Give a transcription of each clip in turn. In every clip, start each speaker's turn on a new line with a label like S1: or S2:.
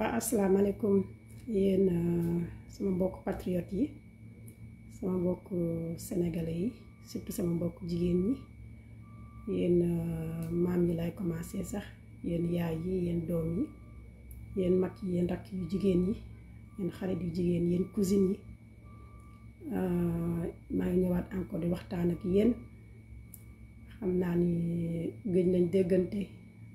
S1: pa asalaamaaleykum yéen eh, sama mbokk patriote yi sama mbokk eh, sénégalais yi surtout sama mbokk jigen ñi yéen eh, mam yi lay commencé sax yéen yaay yi yéen dom yi yéen mak yi yéen rak yu jigen yi yéen xarit yu jigen yéen cousine yi ma ngi ñëwaat encore di waxtaan ak xamna ni gëj nañ déggante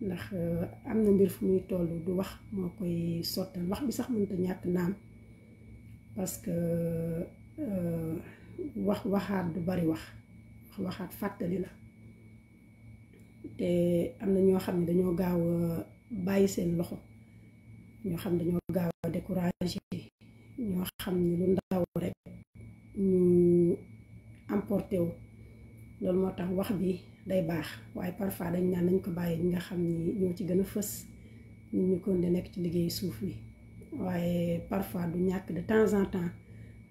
S1: ndax eh, am na mbir fu muy toll du wax moo koy sottal wax bi sax mënta ñàkk naam parce que eh, wax waxaat du bari wax wax waxaat fàttali la te am na ñoo xam ne dañoo gaaw a bàyyi seen loxo ñoo xam ne dañoo gaaw a découragé ñoo xam ne lu ndaw rek ñu emporté wu loolu moo tax wax bi day bax waaye parfois dañ nan nañ ko baye ñi nga xam ni ñoo ci gëna fess fës ñu kon di nek ci liggéey suuf bi waye parfois du ñak de temps en temps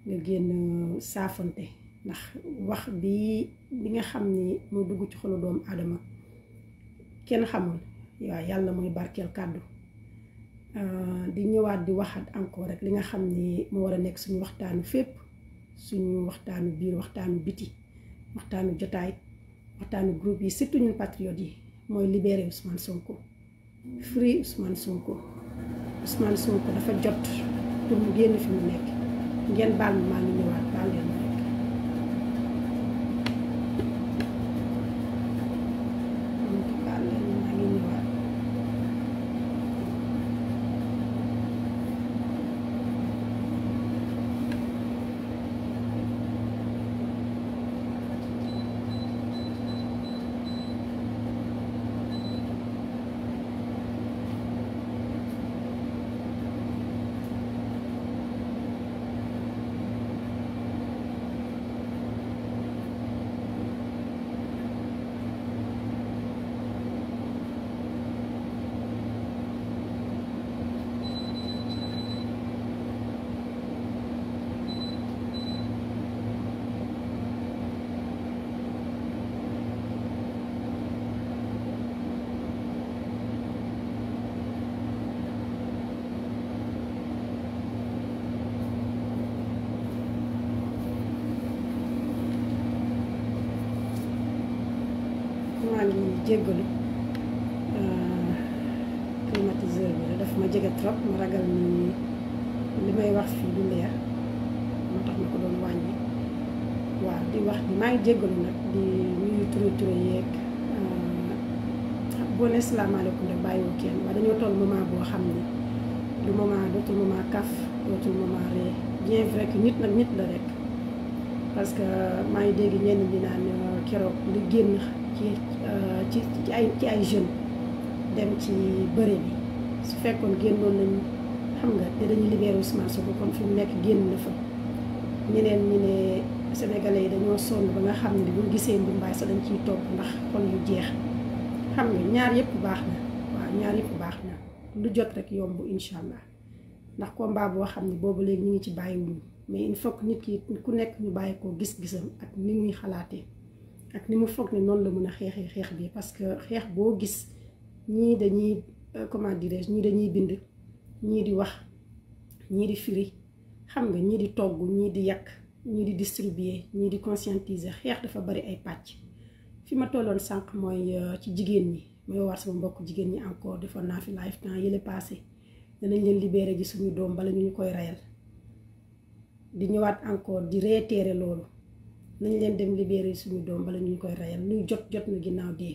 S1: nga génn euh, saafante ndax wax bi bi nga xam ni moo dugg ci xolu doom adama kenn xamul waaw yàlla mooy barkeel kàddu euh, di ñëwaat di waxat encore rek li nga xam ni moo war a suñu waxtaanu fep suñu waxtaanu biir waxtaanu biti waxtaanu jotaay waxtaanu group yi surtout ñun patriotes yi mooy libérer Ousmane Sonko free Ousmane Sonko Ousmane Sonko dafa jot pour génn fi mu nekk ngeen baal ma maa ngi baal leen maa ngi jéggalu euh, climatiseur bi la daf ma jege trop ma ragal ni li may wax fii du leer moo tax ma ko doon wàññi waaw di wax maa ngi jéggalu nag di nuyu ture ture yeeg euh, boo ne salaamaaleykum rek bàyyiwul kenn waaye dañoo toll moment boo xam ni du moment dootul moment kaf dootul moment ree bien vrai que nit nag nit la rek parce que maa ngi dégg ñenn ñi naan euh, keroog li génn ci euh, ci ci ay ci ay jeunes dem ci bëre bi su fekkoon génnoon nañ xam nga te dañu libéré Ousmane Sonko kon fi mu nekk génn na fa ñeneen ñi ne sénégalais yi dañoo sonn ba nga xam ne buñ gisee mbumbaay sax dañ ciy topp ndax xol yu jeex xam nga ñaar yëpp baax na waaw ñaar yëpp baax na lu jot rek yomb incha allah ndax mbaam boo xam ne boobu léegi ñu ngi ci bàyyiwuñu mais il faut nit ki ku nekk ñu bàyyi koo gis-gisam ak ni ñuy xalaatee ak ni mu fokk ni non la mëna a xeexee bi parce que xeex bo gis ñii dañuy euh, comment dirais-je dañuy bind ñii di wax ñii di firi xam nga ñii di togg ñii di yak ñii di distribuer ñii di conscientiser xeex dafa bari ay patch fi ma tolloon sank moy euh, ci jigen ni moy war sama mbokk jigen ni encore defo na fi live temps yële passé danañ leen libéré ji suñu dom bala ñu ñu koy reyal di ñëwaat encore di réitéré lolu nañu leen dem libéré suñu doom bala ñu koy reyal luy jot jot na ginnaaw dee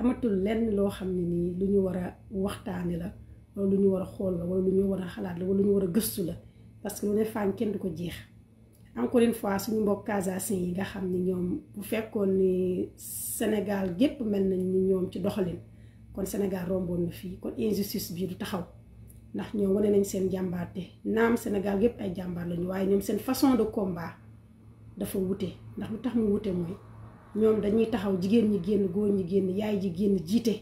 S1: amatul lenn loo xam ne nii lu ñu war a waxtaane la wala lu ñu war a xool la wala lu ñu war a xalaat la wala lu ñu war a gëstu la parce que lu ne faañ kenn du ko jeex encore une fois suñu mbokk Casasin yi nga xam ni ñoom bu fekkoon ni Sénégal gépp mel nañ ni ñoom ci doxalin kon Sénégal romboon na fii kon injustice bii du taxaw ndax ñoom wane nañ seen jàmbaarte naam Sénégal gépp ay jàmbaar lañu waaye ñoom seen façon de combat dafa wute ndax lu tax mu wute mooy ñoom dañuy taxaw jigéen ñi génn góor ñi génn yaay ji génn jiite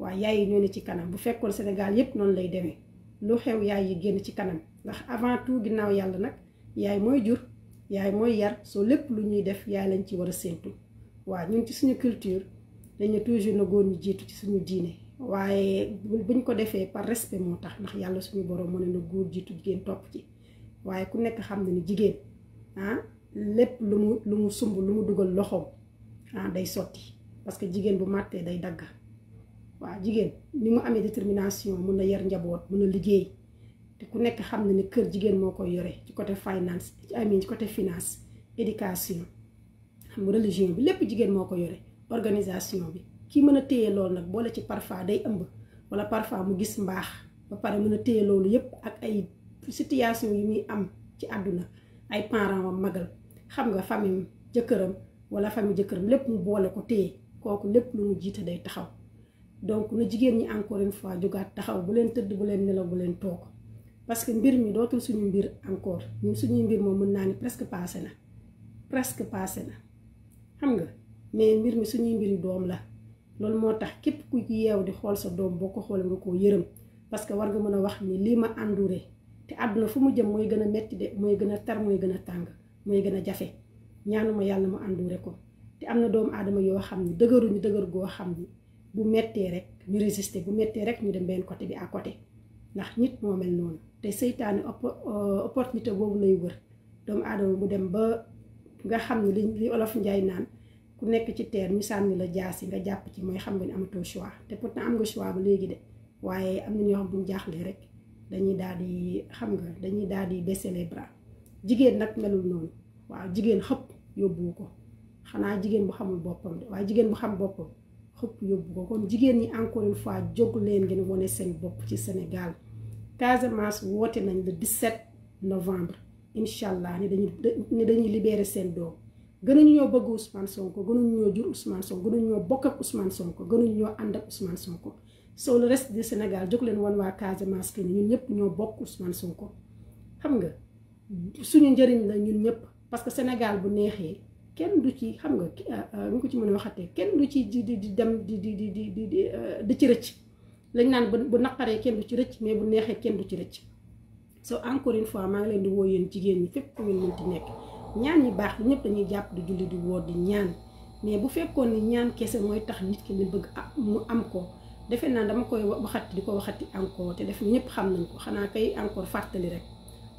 S1: waaye yaay yi ñoo ne ci kanam bu fekkoon Sénégal yépp noonu lay demee lu xew yaay yi génn ci kanam ndax avant tout ginnaaw yàlla nag yaay mooy jur yaay mooy yar soo lépp lu ñuy def yaay lañ ci war a séentu waaw ñun ci suñu culture dañu toujours na góor ñu jiitu ci suñu diine waaye buñ ko defee par respect moo tax ndax yàlla suñu borom mu ne na góor jiitu jigéen topp ci waaye ku nekk xam na jigéen ah, lépp lu mu lu mu sumb lu mu dugal loxoom ah day sotti parce que jigéen bu màttee day dagg waa jigéen ni mu amee détermination mun na yar njaboot mun na liggéey te ku nekk xam na ni kër jigéen moo ko yore ci côté finance ci amin ci côté finance éducation xam nga religion bi lépp jigéen moo ko yore organisation bi kii mën a téye loolu nag boole ci parfois day ëmb wala parfois mu gis mbaax ba pare mën a téye loolu yépp ak ay situation yi muy am ci àdduna ay parents am magal xam nga famille jëkkëram wala famille jëkkëram lépp mu boole ko téye kooku lépp lu mu jiite day taxaw donc na jigéen ñi encore une fois jugaat taxaw bu leen tëdd bu leen nelaw bu leen toog parce que mbir mi dootul suñu mbir encore ñun suñuy mbir moo mën naa ni presque passé na presque passé na xam nga mais mbir mi suñuy mbiri doom la loolu moo tax képp ku yeew di xool sa doom boo ko xoolee nga koo yërëm parce que war nga mën a wax ni lii ma àndure te àdduna fu mu jëm gën a metti mooy gën a tar mooy gën a tàng mooy gën a jafe ñaanuma yàlla mu ànduure ko te am na doomu aadama yoo xam ne dëgëruñu dëgër goo xam ni bu mettee rek ñu résister bu mettee rek ñu dem benn côté bi à côté ndax nit moo mel noonu te seytaane euh, opportunité boobu lay wër doomu aadama bu dem ba nga xam ne li olof njaay naan ku nekk ci teer ñu sànni la jaasi nga jàpp ci mooy xam nga ni amatoo choix te pourtant am nga choix ba léegi de waaye am na ñoo xam bu ñu jaaxlee rek dañuy daal di xam nga dañuy daal di baisser les bras jigéen nag melul noonu waaw jigéen xëpp yóbbu ko xanaa jigéen bu xamul boppam de waaye jigéen bu xam boppam xëpp yóbbu ko kon jigéen ñi encore une fois jóg leen ngeen wane seen bopp ci Sénégal Casamance woote nañ le set novembre incha allah ni dañuy ni dañuy libérer seen doom gënuñu ñoo bëgg Ousmane Sonko gënuñu ñoo jur Ousmane Sonko gënuñu ñoo bokk ak Ousmane Sonko gënuñu ñoo ànd ak Ousmane Sonko soo le reste du Sénégal jóg leen wan waa Casamance que ñun ñëpp ñoo bokk Ousmane Sonko xam nga. suñu njëriñ la ñun ñëpp parce que Sénégal bu neexee kenn du ci xam nga euh, euh, ñu ko ci mëna waxaté kenn du ci di di dem di di di di di di euh, ci rëcc lañ nane bu naqaré kenn du ci rëcc mais bu neexee kenn du ci rëcc so encore une fois ma ngi leen di woo yéen jigéen ñi fépp ñu ngeen mënti nekk ñaan yi baax ñëpp dañuy japp du julli di wo di ñaan mais bu fekkoon ni ñaan kese moy tax nit ki li bëgg mu am ko defe na dama koy waxati di ko waxati encore té def ñëpp xam nañ ko xana kay encore fatali rek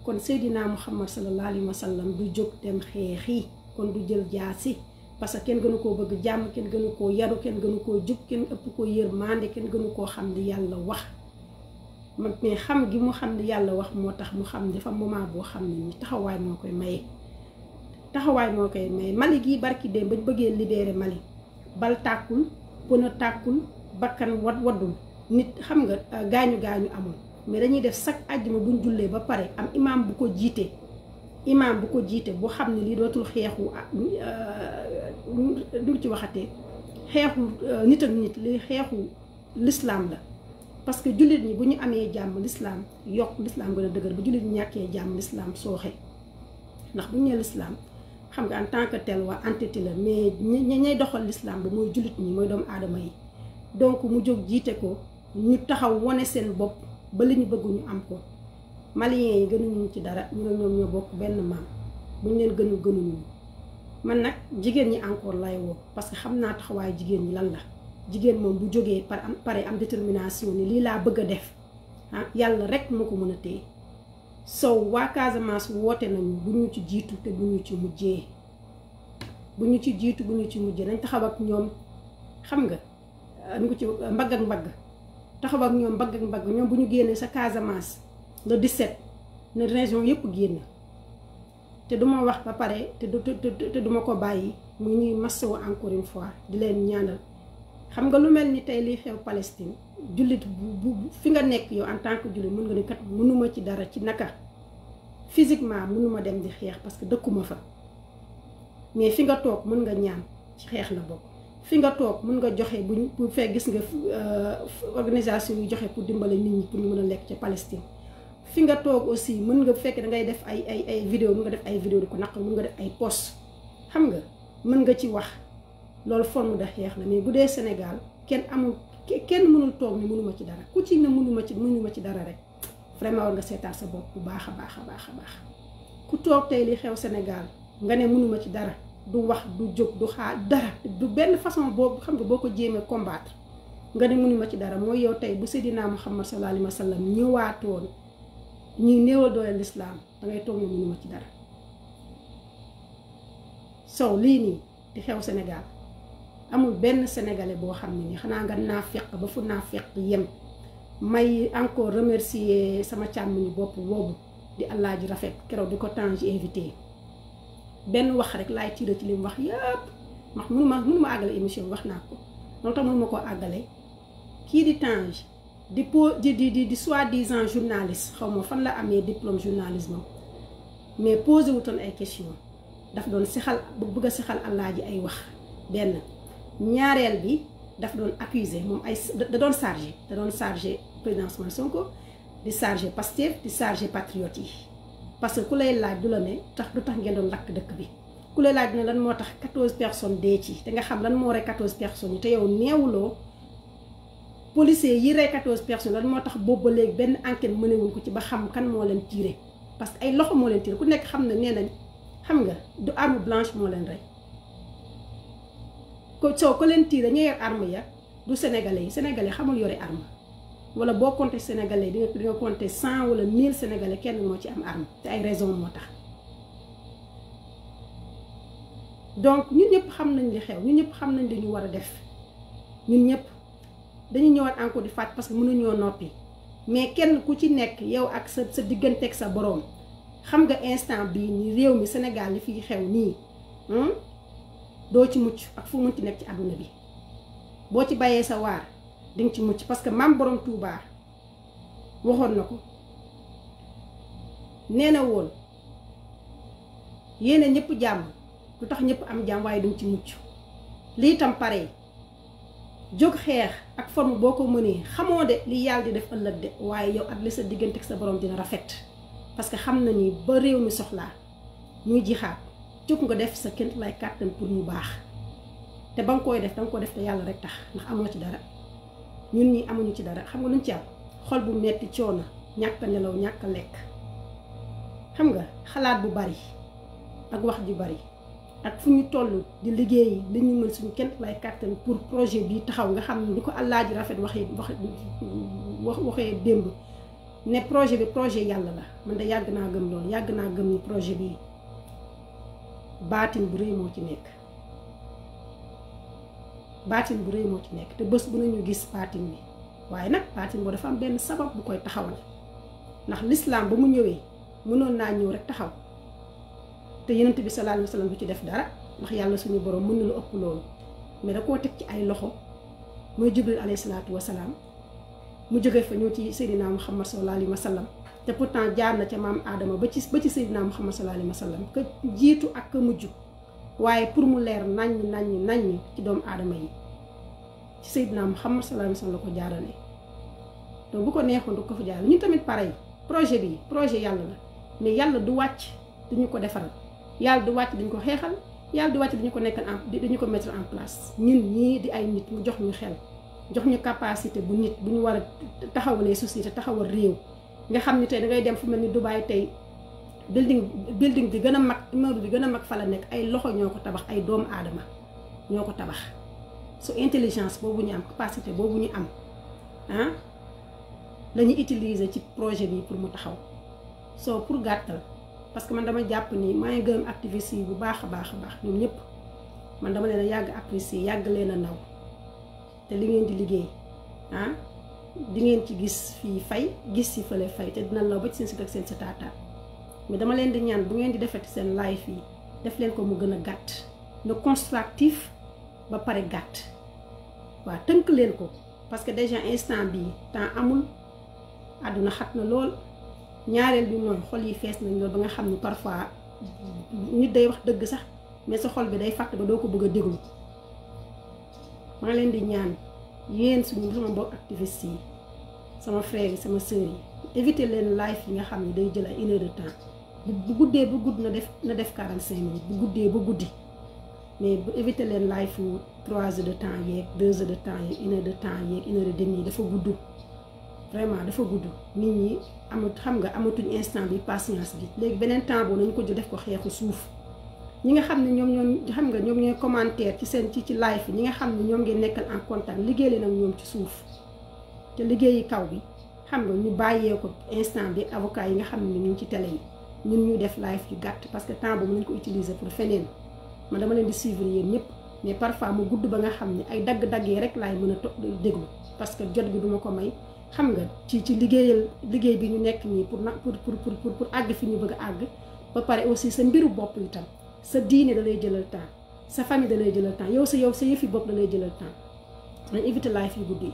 S1: kon Seydina Muhammad sallallahu alayhi wa sallam du jóg dem xeexi kon du jël jaasi parce que kenn gënu koo bëgg jàmm kenn gënu koo yaru kenn gënu koo jub kenn ëpp koo yërmande kenn gënu koo xam li yàlla wax mag mais xam gi mu xam ne yàlla wax moo tax mu xam dafa moment boo xam ne ni taxawaay moo koy maye. taxawaay moo koy maye Mali gii barki dem ba bëggee libéré Mali bal tàkkul pono tàkkul bakkan wat waddul nit xam nga gaañu gaañu amul. mais dañuy def chaque bu buñ jullee ba pare am imaam bu ko jiitee imaam bu ko jiitee boo xam ne lii dootul xeexu du ah, euh, ci waxatee xeexu euh, nit ak nit li xeexu lislaam la parce que jullit ñi bu ñu amee jàmm lislaam yokk lislaam gën a dëgër bu jullit ñi ñàkkee jàmm lislaam sooxe ndax bu ñu nee lislaam xam nga en tant que tel waa entité la mais ñi ñay doxal lislaam ba mooy jullit ñi mooy doomu aadama yi donc mu jóg jiite ko ñu taxaw wane seen bopp ba li ñu bëgguñu am ko maliens yi gënuñu ci dara ñu ne ñoom ñoo bokk benn maam buñ leen gënu gënuñu man nag jigéen ñi encore lay woo parce que xam naa taxawaayu jigéen ñi lan la jigéen moom bu jógee par am pare am détermination ni lii laa bëgg a def ah yàlla rek moo ko mën a téye sow waa Casamance woote nañu bu ñu ci jiitu te bu ñu ci mujjee bu ñu ci jiitu bu ñu ci mujjee nañ taxaw ak ñoom xam nga nu ci mbagg ak mbagg taxaw ak ñoom mbagg ak mbagg ñoom bu ñu génnee sa Casamance le set na région yëpp génn te du ma wax ba pare te du te du duma ko bàyyi mu ñuy massawu encore une fois di leen ñaanal xam nga lu mel ni tey liy xew Palestine jullit bu bu fi nga nekk yow en tant que jullit mën nga ni kat mënuma ci dara ci naka fisiquement mënuma dem di xeex parce que dëkkuma fa mais fi nga toog mën nga ñaan ci xeex la bokk. fi nga toog mën nga joxe buñ bu fee gis nga euh, organisation yu joxe pour dimbale nit ñi pour ñu mën a lekk ca Palestine fi nga toog aussi mën nga fekk da ngay def ay ay ay vidéo mën nga def ay vidéo di ko naq mun nga def ay post xam nga mën nga ci wax loolu forme da xeex na mais bu dee Sénégal kenn amul kenn mënul toog ni mënuma ci dara ku ci ne mënuma ci mënuma ci dara rek vraiment war nga seetaat sa bopp bu baax a baax a baax a baax ku toog tey li xew Sénégal nga ne mënuma ci dara du wax du jóg du xaar dara du benn façon boobu xam nga boo ko jéemee combattre nga ne mënu ma ci dara mooy yow tey bu Seydina Muhammad sallallahu alayhi wa sallam ñëwaatoon ñuy néewal doole lislaam da ngay toog ne mënu ma ci dara sow lii nii di xew Sénégal amul benn sénégalais boo xam ne ni xanaa nga naafeq ba fu naafeq yem may encore remercier sama càmmiñu bopp boobu di ji Rafet keroog di ko Tange invité. benn wax rek laay ci li wax yëpp mënu ma mënu ma àggale émission ko loolu tax mënu ma koo àggale di di po di di di soi-disant journaliste diplôme journalisme mais posé vous ay question daf doon sixal bëgg a allah ji ay wax benn ñaareel bi daf doon accuser moom ay da doon chargé da doon chargé Sonko di di patriote parce que ku lay laaj du la ne tax du tax ngeen doon lakk dëkk bi ku lay laaj du ne lan moo tax 14 personnes dee ci te nga xam lan moo rey 14 personnes yi te yow neewuloo policiers yi rey 14 personnes lan moo tax boobu ba léegi benn enquête mënewuñ ko ci ba xam kan moo leen tiire parce que ay loxo moo leen tiire ku nekk xam ne nee nañ xam nga du arme blanche moo leen rey ko soo ko leen tiire ña arme ya du sénégalais yi sénégalais xamul yore arme wala boo compté sénégalais di nga di nga compté cent wala 1000 sénégalais kenn mo ci am arme té ay raison motax donc ñun ñëpp xam nañ li xew ñun ñëpp xam nañ li ñu war def ñun ñëpp dañu ñëwaat encore di faat parce que mënu ñoo nopi mais kenn ku ci nekk yow ak sa sa diggante ak sa borom xam nga instant bi ni réew mi Sénégal li fi xew ni hmm do ci mucc ak fu mu ci nekk ci aduna bi boo ci bàyyee sa waar. di nga mucc parce que maam borom Touba waxoon na ko nee na woon yéene ñëpp jàmm lu tax ñëpp am jàmm waaye duñ ci mucc lii tam pare jóg xeex ak forme boo ko mënee xamoo de li yàlla di def ëllëg de waaye yow ak li sa diggante ak sa borom dina rafet parce que xam na ni ba réew mi soxlaa ñuy jixaat jóg nga def sa kent lay kàttan pour mu baax te ba nga koy def danga ko def te yàlla rek tax ndax amoo ci dara ñun ñi amuñu ci dara xam nga luñ ci am xol bu metti coono ñàkk nelaw ñàkk lekk xam nga xalaat bu bari ak wax ju bari ak fu ñu toll di liggéey li ñu mën suñu kenn lay kàttan pour projet bii taxaw nga xam ne ni ko Alaaji Rafet waxee wax wax waxee démb ne projet bi projet yàlla la man de yàgg naa gëm loolu yàgg naa gëm ni projet bi baatin bu rëy moo ci nekk baatin bu réy moo ci nekk te bés bu nañu gis baatin bi waaye nag baatin boo dafa am benn sabab bu koy taxawal ndax lislaam ba mu ñëwee mënoon naa ñëw rek taxaw te yonent bi sallallahu alayhi wa sallam du ci def dara ndax yàlla suñu borom mën na lu ëpp loolu mais koo teg ci ay loxo mooy jibril alayhi salaatu wa salaam mu jóge fa ñëw ci seydina muhammad sallallahu alayhi wa sallam te pourtant jaar na ca maam aadama ba ci ba ci seydina muhammad sallallahu alayhi wa sallam ka jiitu ak ka mujj waaye pour mu leer nañ nañ naññ nañ ci doomu aadama yi ci Seydina Muhammad sallallahu alayhi wasallam la ko jaarale donc bu ko neexoon du ko fa jaarale ñun tamit pareil projet bi projet yàlla la mais yàlla du wàcc duñu ko defaral yàlla du wàcc duñu ko xeexal yàlla du wàcc dañu ko nekkal en dañu ko mettre en place ñun ñii di ay nit mu jox ñu xel jox ñu capacité bu nit bu ñu war a taxawalee société taxawal réew nga xam ni tey dangay dem fu mel ni Dubaay tey building building bi gën a mag immeuble bi gën a mag fa la nekk ay loxo ñoo ko tabax ay doomu aadama ñoo ko tabax su intelligence boobu ñu am capacité boobu ñu am ah la ñu utiliser ci projet bi pour mu taxaw soo pour gàttal parce que man dama jàpp nii maa ngi gërëm activiste yi bu baax baax a baax ñoom ñëpp man dama leen a yàgg apprécier yàgg leen a naw te li ngeen di liggéey ah di ngeen ci gis fii fay gis si fële fay te dina law ba ci seen si ak seen si taataat mais dama leen di ñaan bu ngeen di defati seen live yi def leen ko mu gën a gàtt ne constructif ba pare gàtt waaw tënk leen ko parce que déjà instant bi temps amul àdduna xat na lool ñaareel bi mooy xol yi fees nañ lool ba nga xam ne parfois nit day wax dëgg sax mais sa xol bi day fàtt ba doo ko bëgg a déglu maa leen di ñaan yéen suñu sama mbokk activiste yi sama frère yi sama sœur yi éviter leen live yi nga xam ne day jël ay une de temps bu guddee ba gudd na def na def quarante cinq minutes bu guddee ba guddi mais bu éviter leen laay fu trois heures de temps yeeg deux heures de temps yeeg une de temps yeeg une heure et dafa gudd vraiment dafa gudd nit ñi amat xam nga amatuñ instant bi patience bi léegi beneen temps boo nañu ko jël def ko xeexu suuf ñi nga xam ne ñoom ñoo xam nga ñoom ñooy commentaire ci seen ci ci live ñi nga xam ne ñoom ngeen nekkal en contact liggéey leen ak ñoom ci suuf te liggéeyi kaw bi xam nga ñu bàyyee ko instant bi avocat yi nga xam ne ñu ngi ci télé yi ñun ñu def live yu gàtt parce que temps boobu ñu ko utiliser pour feneen man dama leen di suivre yéen ñëpp mais parfois mu gudd ba nga xam ne ay dagg-dagg rek laay mën a to déglu parce que jot gi duma ko may xam nga ci ci liggéeyal liggéey bi ñu nekk nii pour na pour pour pour pour àgg fi ñu bëgg a àgg ba pare aussi sa mbiru bopp itam sa diine da lay jëlal temps sa famille da lay jëlal temps yow sa yow sa yëfi bopp da lay jëlal temps dañ éviter live yu guddi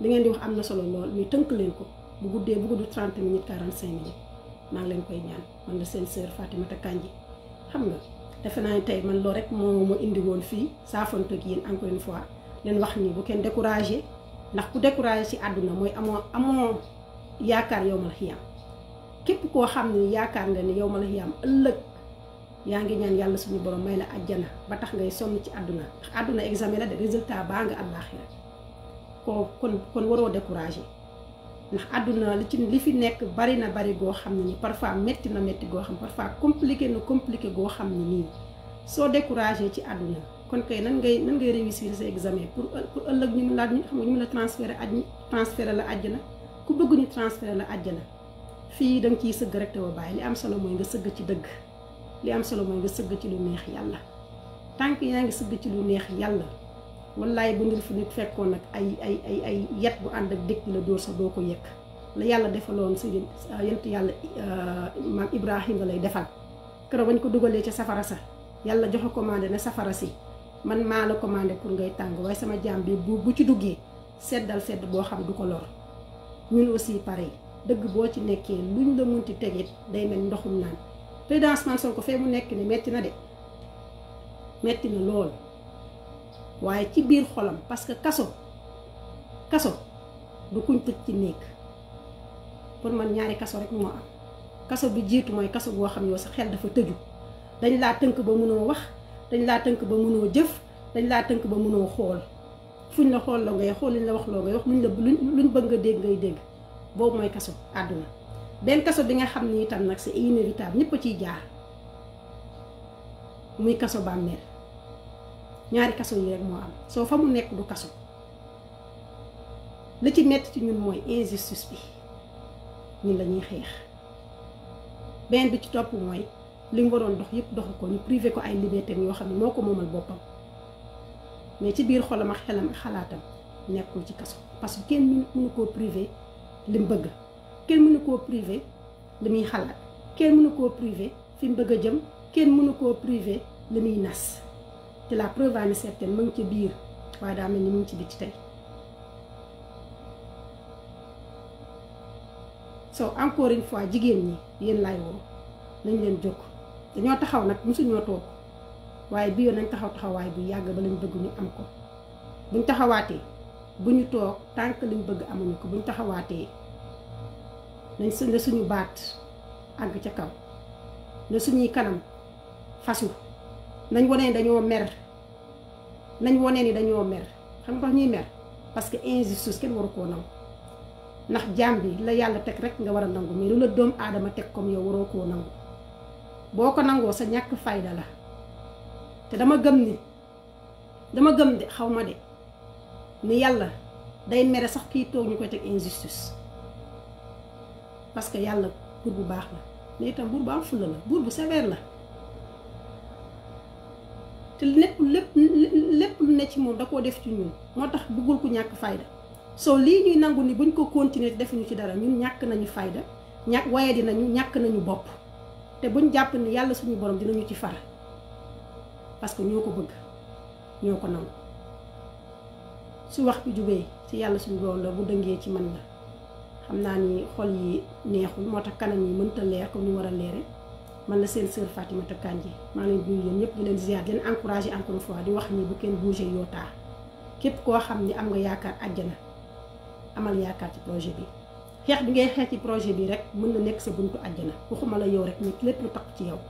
S1: li ngeen di wax am na solo lool mais tënk leen ko bu guddee bu gudd 30 minutes 45 minutes maa ngi leen koy ñaan man la seen sœur Fatimata kanji xam nga defe naa tay man lo rek mo mo indi woon fii saafonte ak yéen encore une fois leen wax ni bu ken décourager ndax ku décourager ci aduna moy amo amo yaakar yowmal ma la xiyam képp koo xam ne nga ni yowmal ma xiyam ëllëg ñaan yalla suñu borom may la aljana ba tax ngay ci aduna aduna examen la de résultat ba nga àllaaxira ko kon kon waro décourager ndax àdduna li ci li fi nekk bari na bari goo xam ne ni parfois métti na métti goo xam parfois compliqué na compliqué goo xam ne nii soo découragé ci àdduna kon kay nan ngay nan ngay réussir sa examen pour ëllëg ñu mun laa ñu xam nga la transféré aj transféré la àjjana ku bëgg ñu transféré la àjjana fii da nga ciy sëgg rek te wa bàyyi li am solo mooy nga sëgg ci dëgg li am solo mooy nga sëgg ci lu neex yàlla tànk yaa ngi sëgg ci lu neex yàlla wallaay bu ñu fi nit fekkoon nag ay ay ay ay yet bu ànd ak dégg la dóor sax doo ko yëg la yàlla defaloon si yant ah, yàlla ah, maam Ibrahima lay defal keroog bañ ko dugalee ca safara sa yàlla joxe commandé na safara si man maa la commandé pour ngay tàng waaye sama jaam bi bu bu ci duggee seddal sedd boo xam du ko lor ñun aussi yi dëgg boo ci nekkee lu ñu la munti tegit day mel ndoxum naan président ko fee mu nekk ni metti na de metti na lool. waaye ci biir xolam parce que kaso kaso du kuñ tëj ci néeg pour man ñaari kaso rek moo am kaso bi jiitu mooy kaso boo xam yow sa xel dafa tëju dañ laa tënk ba mënoo wax dañ laa tënk ba mënoo jëf dañ laa tënk ba mënoo xool fuñ la xool la ngay xool luñ la wax loo ngay wax luñ la bëgg nga dégg ngay dégg boobu mooy kaso àdduna benn kaso bi nga xam ni itam nag c'est inévitable ñëpp a ciy jaar muy kaso bàmmeel ñaari kaso yi rek moo am soo fa mu nekk du kaso li ci metti ci ñun mooy injustice bi ñun lañuy xeex benn bi ci topp mooy li mu waroon dox yëpp doxu ko ni privé ko ay liberté yoo xam ne moo ko moomal boppam mais ci biir xolam a xelam ak xalaatam nekkul ci kaso parce que kenn mënu koo privé li mu bëgg kenn mënu koo privé li muy xalaat kenn mënu koo privé fi mu bëgg a jëm kenn mënu koo privé li muy nas te la preuve en est certaine mu ngi ci biir waaye daal na ni mu ngi ci biti tey soo encore une fois jigéen ñi yéen laay woo nañ leen jóg dañoo taxaw nag mosuñoo toog waaye bi yoon nañ taxaw taxawaay bu yàgg ba lañ bëgg ñu am ko buñ taxawaatee bu ñu toog tànk liñ bëgg amuñu ko buñ taxawaatee nañ su suñu baat àgg ca kaw ne suñuy kanam fasu nañ wone dañoo mer nañ wone ni dañoo mer xam nga ñuy mer parce que injustice kenn waru koo naw ndax jaam bi la yàlla teg rek nga war a nangu mais lu la doom aadama comme yow waroo koo nangu boo ko sa ñàkk fayda la te dama gëm ni dama gëm de xaw ma de ni yàlla day mere sax kii toog ñu koy teg injustice parce que yàlla bur bu baax la mais itam bur bu am fulla la bur bu sévère la te lépp lépp lépp lu ne ci moom da koo def ci ñun moo tax bëggul ku ñàkk fayda soo lii ñuy nangu ni buñ ko continuer defuñu ci dara ñun ñàkk nañu fayda ñàkk waaye dinañu ñàkk nañu bopp te buñ jàpp ni yàlla suñu borom dinañu ci far parce que ñoo ko bëgg ñoo ko nangu su wax bi jubee si yàlla suñu borom la bu dëngee ci man la xam naa ni xol yi neexul moo tax kanam yi mënta leer comme ñu war a leere man la seen sœur Fatimata Kandji maa leen nuyu yéen ñëpp di leen ziar di leen encouragé encore fois di wax ni bu kenn bougé yoo taa képp koo xam ni am nga yaakaar àjjana amal yaakaar ci projet bi xeex bi ngay xeex ci projet bi rek mën na nekk sa buntu àjjana waxuma la yow rek mais lépp lu takk ci yow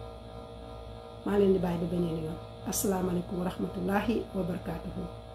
S1: maa leen di bàyyi ba beneen yoon asalaamaaleykum wa rahmatullahi wa barakaatuhu